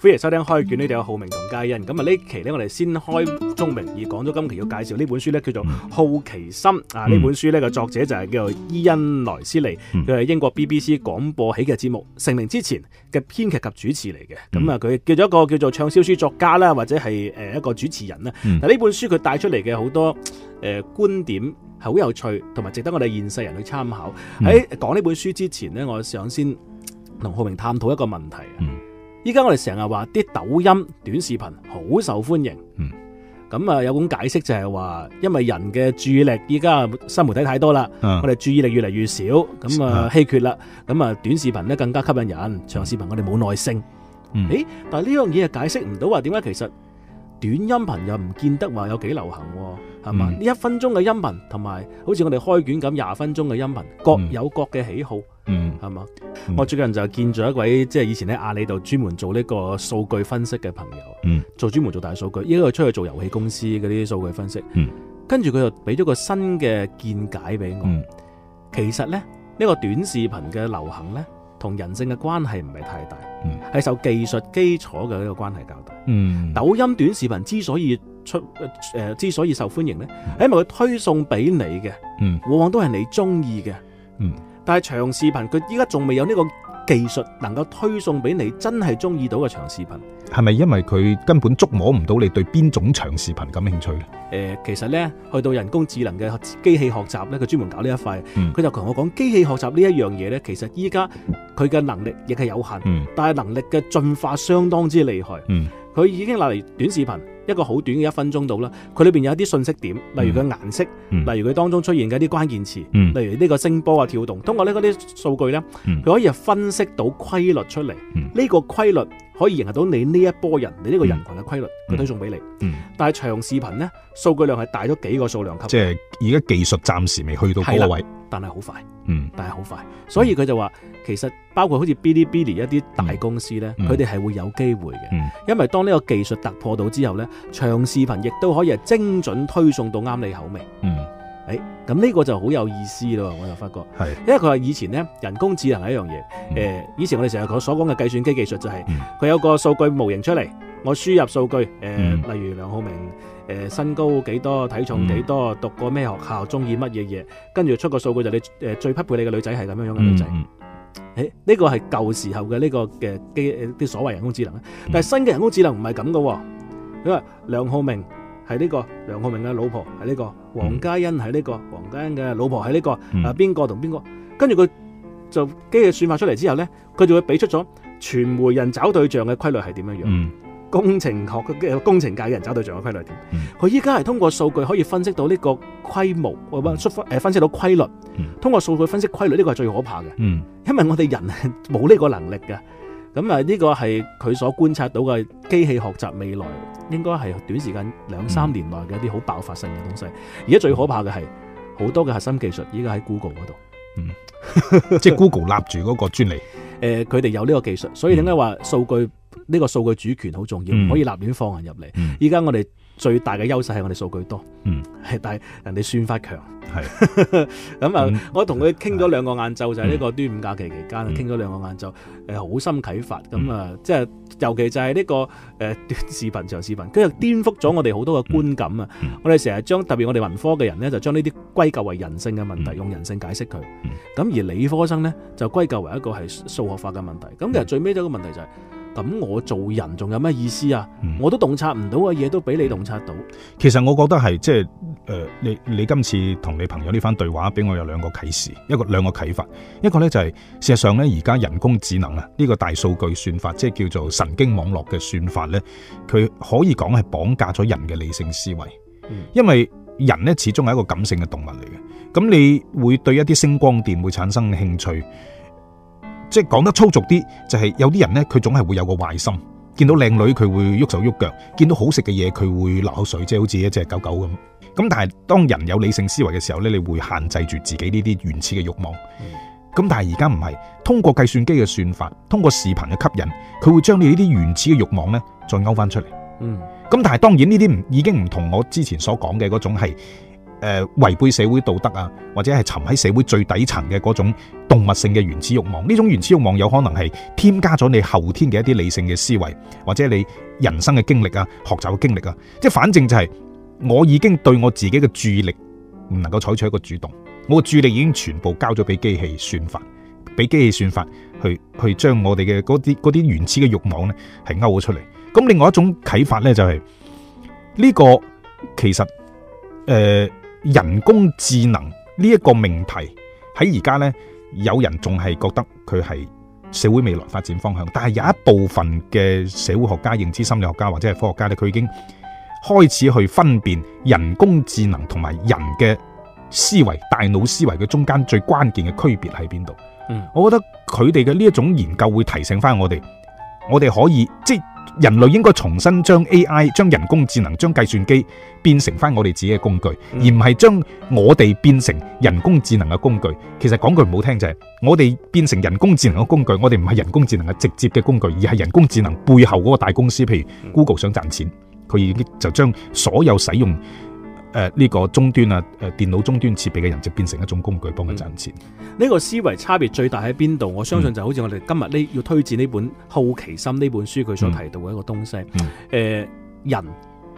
歡迎收聽開卷，呢度有浩明同佳欣，咁啊呢期咧我哋先開宗明義而講咗今期要介紹呢本書咧叫做《好奇心》啊，呢、嗯、本書咧個作者就係叫做伊恩·萊斯利，佢係、嗯、英國 BBC 廣播喜劇嘅節目成名之前嘅編劇及主持嚟嘅。咁啊佢叫咗一個叫做暢銷書作家啦，或者係誒一個主持人啦。嗱呢、嗯、本書佢帶出嚟嘅好多誒觀點係好有趣，同埋值得我哋現世人去參考。喺、嗯、講呢本書之前呢，我想先同浩明探討一個問題。嗯依家我哋成日話啲抖音短視頻好受歡迎，嗯，咁啊有種解釋就係話，因為人嘅注意力依家新媒體太多啦，嗯、我哋注意力越嚟越少，咁是啊稀缺啦，咁啊短視頻咧更加吸引人，長視頻我哋冇耐性，誒、嗯，但係呢樣嘢解釋唔到話點解其實。短音頻又唔見得話有幾流行喎，係嘛？呢、嗯、一分鐘嘅音頻同埋好似我哋開卷咁廿分鐘嘅音頻，各有各嘅喜好，嗯，係嘛吧？嗯、我最近就見咗一位即係、就是、以前喺阿里度專門做呢個數據分析嘅朋友，嗯，做專門做大數據，依家佢出去做遊戲公司嗰啲數據分析，嗯，跟住佢就俾咗個新嘅見解俾我，嗯、其實呢，呢、呢個短視頻嘅流行呢。同人性嘅關係唔係太大，係、嗯、受技術基礎嘅呢個關係較大。嗯、抖音短視頻之所以出誒、呃，之所以受歡迎咧，係、嗯、因為佢推送俾你嘅，嗯、往往都係你中意嘅。嗯、但係長視頻佢依家仲未有呢、這個。技術能夠推送俾你真係中意到嘅長視頻，係咪因為佢根本觸摸唔到你對邊種長視頻感興趣咧？誒、呃，其實呢，去到人工智能嘅機器學習呢，佢專門搞呢一塊，佢、嗯、就同我講，機器學習呢一樣嘢呢，其實依家佢嘅能力亦係有限，嗯、但係能力嘅進化相當之厲害。嗯佢已經落嚟短視頻一個好短嘅一分鐘度啦，佢裏面有一啲信息點，例如佢顏色，嗯、例如佢當中出現嘅一啲關鍵詞，嗯、例如呢個聲波啊跳動，通過呢啲數據呢，佢可以分析到規律出嚟，呢、嗯、個規律可以迎合到你呢一波人，你呢個人群嘅規律，佢、嗯、推送俾你。嗯、但係長視頻呢，數據量係大咗幾個數量級。即係而家技術暫時未去到嗰個位，但係好快，嗯，但係好快，所以佢就話。嗯其實包括好似 Bilibili 一啲大公司咧，佢哋係會有機會嘅，嗯、因為當呢個技術突破到之後咧，長視頻亦都可以係精準推送到啱你口味。嗯，誒、哎，咁呢個就好有意思咯，我就發覺，是因為佢話以前咧，人工智能係一樣嘢，誒、嗯，以前我哋成日所講嘅計算機技術就係、是，佢、嗯、有個數據模型出嚟，我輸入數據，誒、呃，嗯、例如梁浩明，誒、呃，身高幾多，體重幾多，嗯、讀過咩學校，中意乜嘢嘢，跟住出個數據就你，誒、呃，最匹配你嘅女仔係咁樣樣嘅女仔。嗯誒，呢個係舊時候嘅呢個嘅機誒，啲所謂人工智能咧，但係新嘅人工智能唔係咁噶，因為梁浩明係呢個，梁浩明嘅老婆係呢個，黃嘉欣係呢個黃嘉欣嘅老婆，係呢個啊邊個同邊個，嗯啊、跟住佢就機器算法出嚟，之後咧，佢就會俾出咗傳媒人找對象嘅規律係點樣樣。嗯工程學嘅工程界嘅人找對象嘅規律點？佢依家係通過數據可以分析到呢個規模、呃，分析到規律。嗯、通過數據分析規律，呢、這個係最可怕嘅。嗯、因為我哋人係冇呢個能力嘅。咁啊，呢個係佢所觀察到嘅機器學習，未來應該係短時間兩三年內嘅一啲好爆發性嘅東西。而家、嗯、最可怕嘅係好多嘅核心技術依家喺 Google 嗰度。嗯、 即係 Google 立住嗰個專利。誒、呃，佢哋有呢個技術，所以點解話數據？呢個數據主權好重要，唔可以立亂放人入嚟。依家我哋最大嘅優勢係我哋數據多，係但係人哋算法強係咁啊。我同佢傾咗兩個晏晝，就係呢個端午假期期間傾咗兩個晏晝，誒好深啟發咁啊。即係尤其就係呢個誒短視頻長視頻，佢又顛覆咗我哋好多嘅觀感啊。我哋成日將特別我哋文科嘅人咧，就將呢啲歸咎為人性嘅問題，用人性解釋佢咁。而理科生咧就歸咎為一個係數學化嘅問題。咁其實最尾一個問題就係。咁我做人仲有咩意思啊？嗯、我都洞察唔到嘅嘢都俾你洞察到、嗯。其實我覺得係即係，誒、呃，你你今次同你朋友呢番對話，俾我有兩個啟示，一個兩個啟發。一個呢就係、是、事實上呢。而家人工智能啊，呢、這個大數據算法，即係叫做神經網絡嘅算法呢，佢可以講係綁架咗人嘅理性思維。嗯、因為人呢，始終係一個感性嘅動物嚟嘅，咁你會對一啲星光電會產生興趣。即係講得粗俗啲，就係、是、有啲人呢，佢總係會有個壞心，見到靚女佢會喐手喐腳，見到好食嘅嘢佢會流口水，即係好似一隻狗狗咁。咁但係當人有理性思維嘅時候呢，你會限制住自己呢啲原始嘅慾望。咁、嗯、但係而家唔係，通過計算機嘅算法，通過視頻嘅吸引，佢會將你呢啲原始嘅慾望呢，再勾翻出嚟。嗯。咁但係當然呢啲唔已經唔同我之前所講嘅嗰種係。誒，呃、違背社會道德啊，或者係沉喺社會最底層嘅嗰種動物性嘅原始欲望，呢種原始欲望有可能係添加咗你後天嘅一啲理性嘅思維，或者你人生嘅經歷啊、學習嘅經歷啊，即反正就係我已經對我自己嘅注意力唔能夠採取一個主動，我嘅注意力已經全部交咗俾機器算法，俾機器算法去去將我哋嘅嗰啲啲原始嘅欲望呢係勾咗出嚟。咁另外一種啟發呢、就是，就係呢個其實誒。呃人工智能呢一個命題喺而家呢，有人仲係覺得佢係社會未來發展方向，但係有一部分嘅社會學家、認知心理學家或者係科學家呢，佢已經開始去分辨人工智能同埋人嘅思維、大腦思維嘅中間最關鍵嘅區別喺邊度。嗯，我覺得佢哋嘅呢一種研究會提醒翻我哋，我哋可以即人類應該重新將 AI、將人工智能、將計算機變成翻我哋自己嘅工具，而唔係將我哋變成人工智能嘅工具。其實講句唔好聽就係、是，我哋變成人工智能嘅工具，我哋唔係人工智能嘅直接嘅工具，而係人工智能背後嗰個大公司，譬如 Google 想賺錢，佢已經就將所有使用。誒，呢、呃這個終端啊，誒、呃，電腦終端設備嘅人就變成一種工具，幫佢賺錢。呢、嗯、個思維差別最大喺邊度？我相信就好似我哋今日呢要推薦呢本《好奇心》呢本書，佢所提到嘅一個東西。誒、嗯呃，人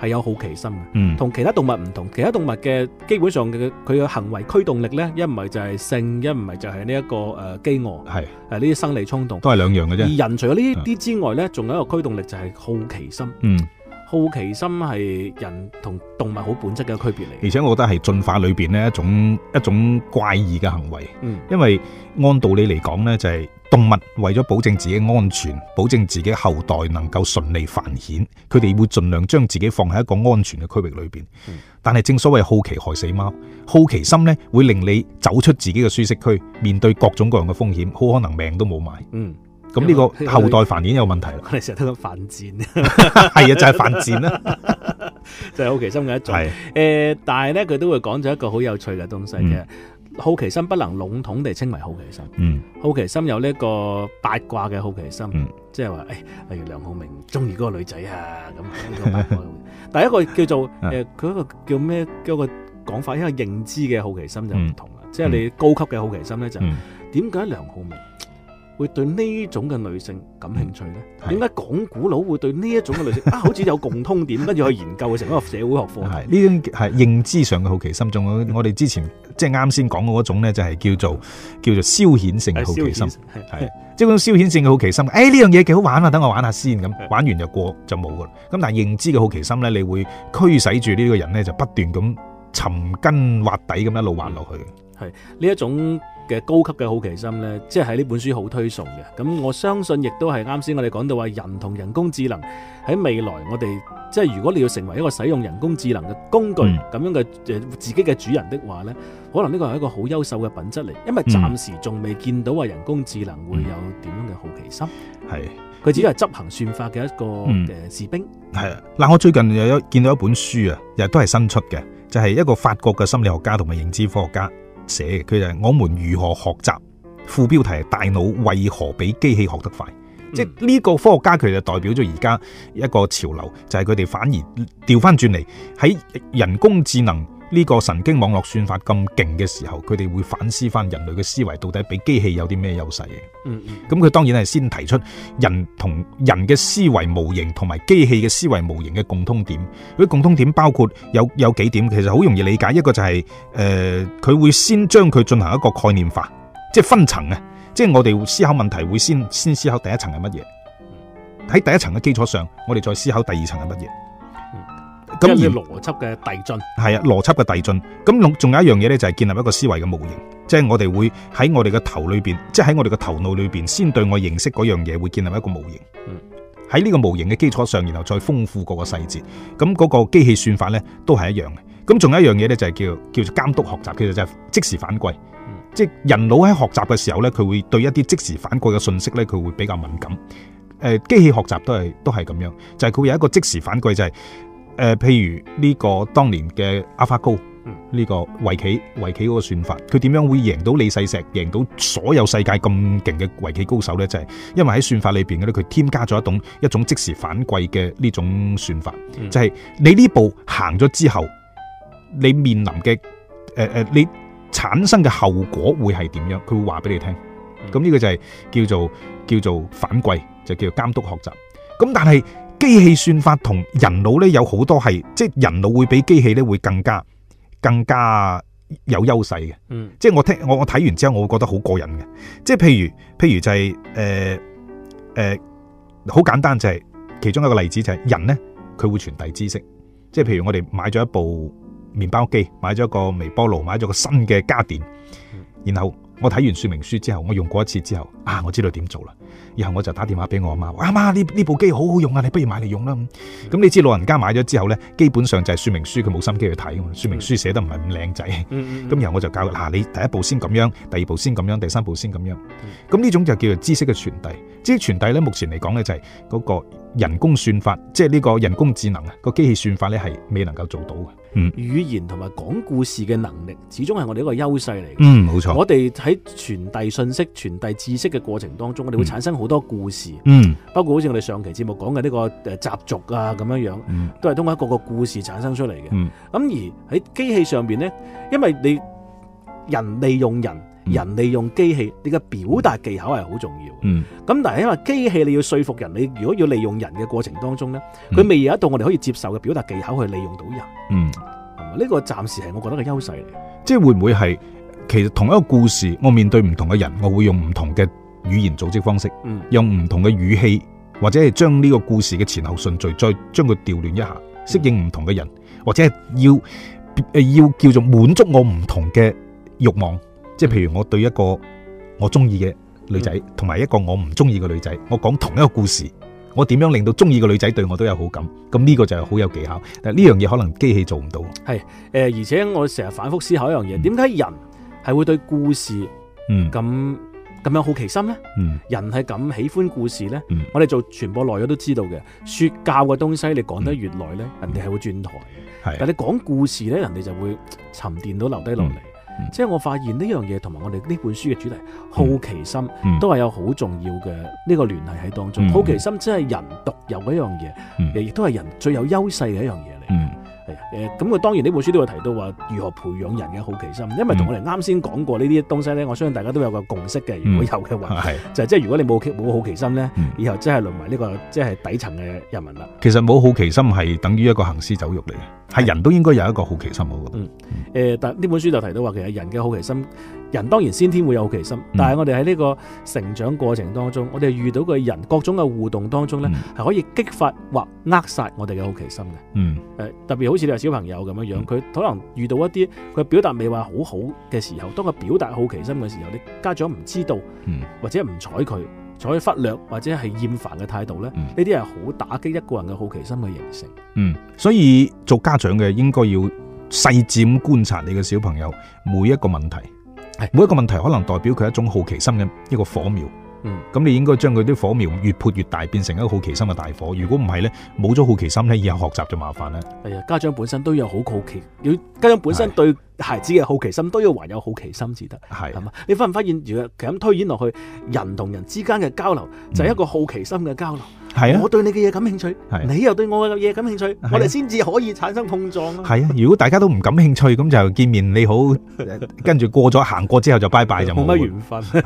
係有好奇心嘅，同、嗯、其他動物唔同。其他動物嘅基本上嘅佢嘅行為驅動力咧，一唔係就係性，一唔係就係呢一個誒飢餓，係誒呢啲生理衝動。都係兩樣嘅啫。而人除咗呢啲之外咧，仲、嗯、有一個驅動力就係好奇心。嗯。好奇心係人同動物好本質嘅區別嚟，而且我覺得係進化裏邊呢一種一種怪異嘅行為。嗯，因為按道理嚟講呢就係動物為咗保證自己安全，保證自己後代能夠順利繁衍，佢哋會盡量將自己放喺一個安全嘅區域裏邊。嗯，但係正所謂好奇害死貓，好奇心呢會令你走出自己嘅舒適區，面對各種各樣嘅風險，好可能命都冇埋。嗯。咁呢個後代繁衍有問題啦！我哋成日都講犯賤，係啊，就係犯賤啦，就係好奇心嘅一種。是但係咧，佢都會講咗一個好有趣嘅東西嘅、嗯、好奇心，不能籠統地稱為好奇心。嗯、好奇心有呢個八卦嘅好奇心，嗯、即係話誒，例如梁浩明中意嗰個女仔啊咁。個八卦。嗯，第一個叫做佢個、嗯呃、個叫咩？叫個講法，因為認知嘅好奇心就唔同啦。嗯、即係你高級嘅好奇心咧，就點解梁浩明？會對呢種嘅女性感興趣咧？點解講古佬會對呢一種嘅女性啊？好似有共通點，跟住 去研究，成一個社會學課題。呢種係認知上嘅好奇心，仲有我哋之前即係啱先講嗰種咧，就係、是就是、叫做叫做消遣性嘅好奇心，係即係嗰種消遣性嘅好奇心。誒的，呢樣嘢幾好玩啊！等我玩下先，咁玩完就過就冇噶啦。咁但係認知嘅好奇心咧，你會驅使住呢個人咧，就不斷咁尋根挖底咁一路玩落去。係呢一種。嘅高級嘅好奇心呢，即係喺呢本書好推崇嘅。咁我相信亦都係啱先我哋講到話，人同人工智能喺未來我，我哋即係如果你要成為一個使用人工智能嘅工具咁、嗯、樣嘅自己嘅主人的話呢，可能呢個係一個好優秀嘅品質嚟。因為暫時仲未見到話人工智能會有點樣嘅好奇心，係佢只係執行算法嘅一個誒士兵。係啊，嗱，我最近又有見到一本書啊，亦都係新出嘅，就係、是、一個法國嘅心理學家同埋認知科學家。寫嘅佢就係我們如何學習，副標題大腦為何比機器學得快，嗯、即係呢個科學家佢就代表咗而家一個潮流，就係佢哋反而調翻轉嚟喺人工智能。呢個神經網絡算法咁勁嘅時候，佢哋會反思翻人類嘅思維到底比機器有啲咩優勢？嗯、嗯，咁佢當然係先提出人同人嘅思維模型同埋機器嘅思維模型嘅共通點。佢共通點包括有有幾點，其實好容易理解。一個就係、是、誒，佢、呃、會先將佢進行一個概念化，即係分層嘅，即係我哋思考問題會先先思考第一層係乜嘢，喺第一層嘅基礎上，我哋再思考第二層係乜嘢。咁而邏輯嘅遞進係啊，邏輯嘅遞進咁，仲仲有一樣嘢咧，就係建立一個思維嘅模型，即係我哋會喺我哋嘅頭裏邊，即係喺我哋嘅頭腦裏邊，先對我認識嗰樣嘢會建立一個模型。嗯，喺呢個模型嘅基礎上，然後再豐富嗰個細節。咁嗰個機器算法咧都係一樣嘅。咁仲有一樣嘢咧，就係叫叫做監督學習，其實就係即時反饋。即係人腦喺學習嘅時候咧，佢會對一啲即時反饋嘅信息咧，佢會比較敏感。誒，機器學習都係都係咁樣，就係佢會有一個即時反饋，就係。誒，譬如呢個當年嘅阿法高，呢個圍棋圍棋嗰個算法，佢點樣會贏到李世石，贏到所有世界咁勁嘅圍棋高手咧？就係因為喺算法裏邊嘅咧，佢添加咗一種一種即時反饋嘅呢種算法，就係你呢步行咗之後，你面臨嘅誒誒，你產生嘅後果會係點樣？佢會話俾你聽。咁呢個就係叫做叫做反饋，就叫監督學習。咁但係。機器算法同人腦咧有好多係，即係人腦會比機器咧會更加更加有優勢嘅。嗯，即係我聽我我睇完之後我會覺得好過癮嘅。即係譬如譬如就係誒誒，好，呃呃，簡單就係其中一個例子就係人咧，佢會傳遞知識。即係譬如我哋買咗一部麵包機，買咗個微波爐，買咗個新嘅家電，然後我睇完說明書之後，我用過一次之後。啊，我知道點做啦，然後我就打電話俾我阿媽，話阿媽，呢呢部機好好用啊，你不如買嚟用啦。咁你知老人家買咗之後呢，基本上就係說明書佢冇心機去睇，說明書寫得唔係咁靚仔。咁然後我就教嗱、啊、你第一步先咁樣，第二步先咁樣，第三步先咁樣。咁、嗯、呢、嗯、種就叫做知識嘅傳遞。知識傳遞呢，目前嚟講呢，就係嗰個人工算法，即係呢個人工智能啊個機器算法呢，係未能夠做到嘅。嗯，語言同埋講故事嘅能力，始終係我哋一個優勢嚟。嗯，冇錯。我哋喺傳遞信息、傳遞知識嘅過程當中，我哋會產生好多故事，嗯，包括好似我哋上期節目講嘅呢個誒習俗啊咁樣樣，嗯，都係通過一個個故事產生出嚟嘅。嗯，咁而喺機器上邊呢，因為你人利用人，嗯，人利用機器，你嘅表達技巧係好重要，嗯，咁但係因為機器你要說服人，你如果要利用人嘅過程當中呢，佢未有一度我哋可以接受嘅表達技巧去利用到人，嗯，呢，嗯，呢個暫時係我覺得嘅優勢，即係會唔會係其實同一個故事，我面對唔同嘅人，我會用唔同嘅。語言組織方式，用唔同嘅語氣，或者係將呢個故事嘅前後順序，再將佢調亂一下，適應唔同嘅人，或者係要、呃、要叫做滿足我唔同嘅慾望，即係譬如我對一個我中意嘅女仔，同埋一個我唔中意嘅女仔，我講同一個故事，我點樣令到中意嘅女仔對我都有好感？咁呢個就係好有技巧，但呢樣嘢可能機器做唔到。係誒、呃，而且我成日反覆思考一樣嘢，點解、嗯、人係會對故事咁、嗯？咁有好奇心咧，人係咁喜歡故事咧，我哋做傳播內都知道嘅，說教嘅東西你講得越耐咧，人哋係會轉台嘅。但係你講故事咧，人哋就會沉澱到留低落嚟。即係我發現呢樣嘢，同埋我哋呢本書嘅主題好奇心都係有好重要嘅呢個聯繫喺當中。好奇心即係人獨有嘅一樣嘢，亦都係人最有優勢嘅一樣嘢嚟。係誒，咁佢當然呢本書都有提到話如何培養人嘅好奇心，因為同我哋啱先講過呢啲東西咧，我相信大家都有個共識嘅。如果有嘅話，嗯、就即係如果你冇冇好奇心咧，嗯、以後即係淪為呢個即係底層嘅人民啦。其實冇好奇心係等於一個行屍走肉嚟。係人都應該有一個好奇心嘅，嗯。嗯，誒、嗯呃，但呢本書就提到話，其實人嘅好奇心，人當然先天會有好奇心，嗯、但係我哋喺呢個成長過程當中，我哋遇到嘅人各種嘅互動當中咧，係、嗯、可以激發或扼殺我哋嘅好奇心嘅。嗯、呃，特別好似你係小朋友咁樣樣，佢、嗯、可能遇到一啲佢表達未話好好嘅時候，當佢表達好奇心嘅時候，你家長唔知道，或者唔睬佢。嗯所以忽略或者係厭煩嘅態度咧，呢啲係好打擊一個人嘅好奇心嘅形成。嗯，所以做家長嘅應該要細緻觀察你嘅小朋友每一個問題，的每一個問題可能代表佢一種好奇心嘅一個火苗。嗯，咁你應該將佢啲火苗越潑越大，變成一個好奇心嘅大火。如果唔係咧，冇咗好奇心咧，以後學習就麻煩啦。係啊，家長本身都有好好奇，要家長本身對。孩子嘅好奇心都要還有好奇心至得係，係嘛？你發唔發現？如果咁推演落去，人同人之間嘅交流就係一個好奇心嘅交流。係啊，我對你嘅嘢感興趣，你又對我嘅嘢感興趣，我哋先至可以產生碰撞。係啊，如果大家都唔感興趣，咁就見面你好，跟住過咗行過之後就拜拜，就冇乜緣分，就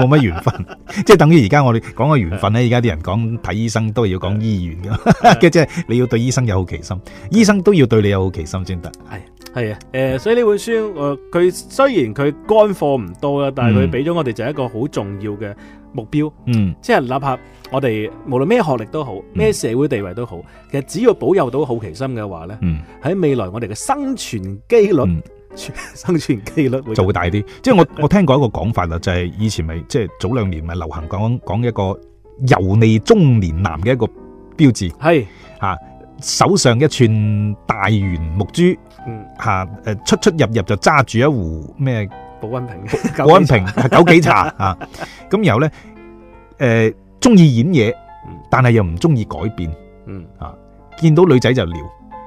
冇乜緣分。即係等於而家我哋講嘅緣分咧，而家啲人講睇醫生都要講醫院嘅，即係你要對醫生有好奇心，醫生都要對你有好奇心先得。係。係啊，誒、呃，所以呢本書，誒、呃，佢雖然佢乾貨唔多啦，但係佢俾咗我哋就係一個好重要嘅目標，嗯，即係哪怕我哋無論咩學歷都好，咩、嗯、社會地位都好，其實只要保佑到好奇心嘅話咧，嗯，喺未來我哋嘅生存機率，嗯、生存機率會就會大啲。 即係我我聽過一個講法啦， 就係以前咪即係早兩年咪流行講講一個油膩中年男嘅一個標誌，係嚇的、啊、手上一串大圓木珠。吓，誒、嗯啊，出出入入就揸住一壺咩保溫瓶，保溫瓶枸杞茶，茶 啊，咁然後咧，誒，中意演嘢，嗯、但係又唔中意改變，嗯啊，見到女仔就撩，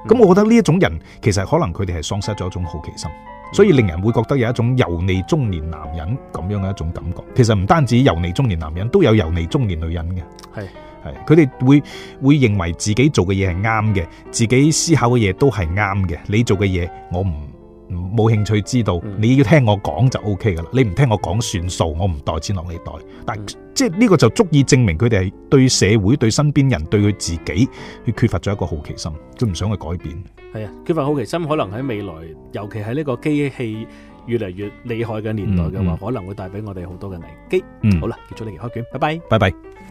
咁、嗯、我覺得呢一種人其實可能佢哋係喪失咗一種好奇心，嗯、所以令人會覺得有一種油膩中年男人咁樣嘅一種感覺。其實唔單止油膩中年男人，都有油膩中年女人嘅，係。係佢哋會會認為自己做嘅嘢係啱嘅，自己思考嘅嘢都係啱嘅。你做嘅嘢我唔冇興趣知道，你要聽我講就 O K 噶啦。你唔聽我講算數，我唔袋錢落你袋。但即係呢個就足以證明佢哋係對社會、對身邊人、對佢自己，佢缺乏咗一個好奇心，都唔想去改變。係啊，缺乏好奇心可能喺未來，尤其喺呢個機器越嚟越厲害嘅年代嘅話，可能會帶俾我哋好多嘅危機。嗯，好啦，結束呢期開卷，拜拜，拜拜。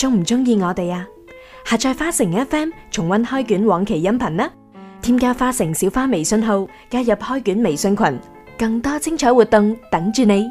鍾唔鍾意我哋呀？下載花城 FM 重温開卷往期音頻啦！添加花城小花微信號，加入開卷微信群，更多精彩活動等住你。